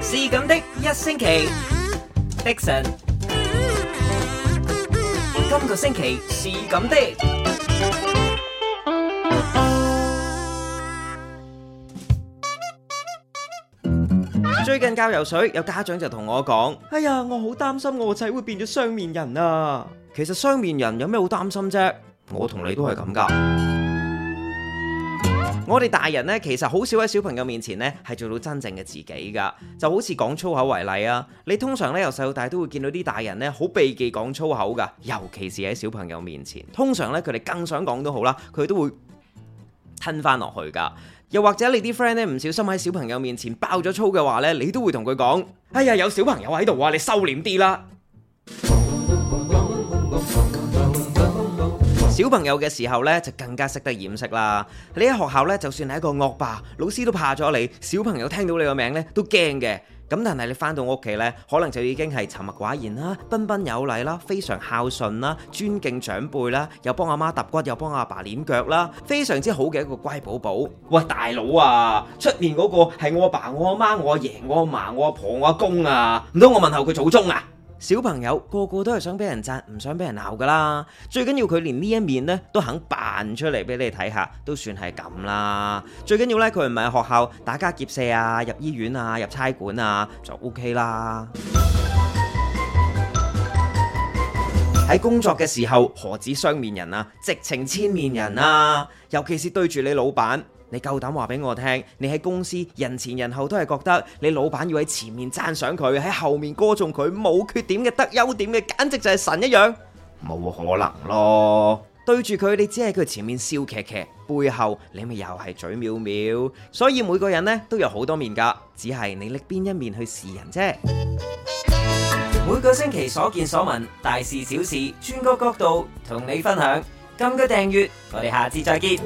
是咁的，一星期，Dixon，今個星期是咁的。最近教游水，有家長就同我講：哎呀，我好擔心我個仔會變咗雙面人啊！其實雙面人有咩好擔心啫？我同你都係咁噶。我哋大人呢，其實好少喺小朋友面前呢係做到真正嘅自己噶，就好似講粗口為例啊。你通常呢由細到大都會見到啲大人呢好避忌講粗口噶，尤其是喺小朋友面前。通常呢，佢哋更想講都好啦，佢都會吞翻落去噶。又或者你啲 friend 呢唔小心喺小朋友面前爆咗粗嘅話呢，你都會同佢講：哎呀，有小朋友喺度啊，你收斂啲啦。小朋友嘅時候咧，就更加識得掩飾啦。你喺學校咧，就算係一個惡霸，老師都怕咗你。小朋友聽到你個名咧，都驚嘅。咁但係你翻到屋企咧，可能就已經係沉默寡言啦，彬彬有禮啦，非常孝順啦，尊敬長輩啦，又幫阿媽揼骨，又幫阿爸捻腳啦，非常之好嘅一個乖寶寶。喂，大佬啊，出面嗰個係我阿爸、我阿媽、我阿爺、我阿嫲、我阿婆、我阿公啊，唔通我問候佢祖宗啊？小朋友個個都係想俾人讚，唔想俾人鬧噶啦。最緊要佢連呢一面呢都肯扮出嚟，俾你睇下，都算係咁啦。最緊要咧，佢唔係喺學校打家劫舍啊，入醫院啊，入差館啊，就 OK 啦。喺 工作嘅時候，何止雙面人啊，直情千面人啊！尤其是對住你老闆。你夠膽話俾我聽？你喺公司人前人後都係覺得你老闆要喺前面讚賞佢，喺後面歌頌佢冇缺點嘅得優點嘅，簡直就係神一樣。冇可能咯！對住佢，你只係佢前面笑劇劇，背後你咪又係嘴藐藐。所以每個人呢都有好多面㗎，只係你拎邊一面去示人啫。每個星期所見所聞，大事小事，轉個角度同你分享。撳個訂閱，我哋下次再見。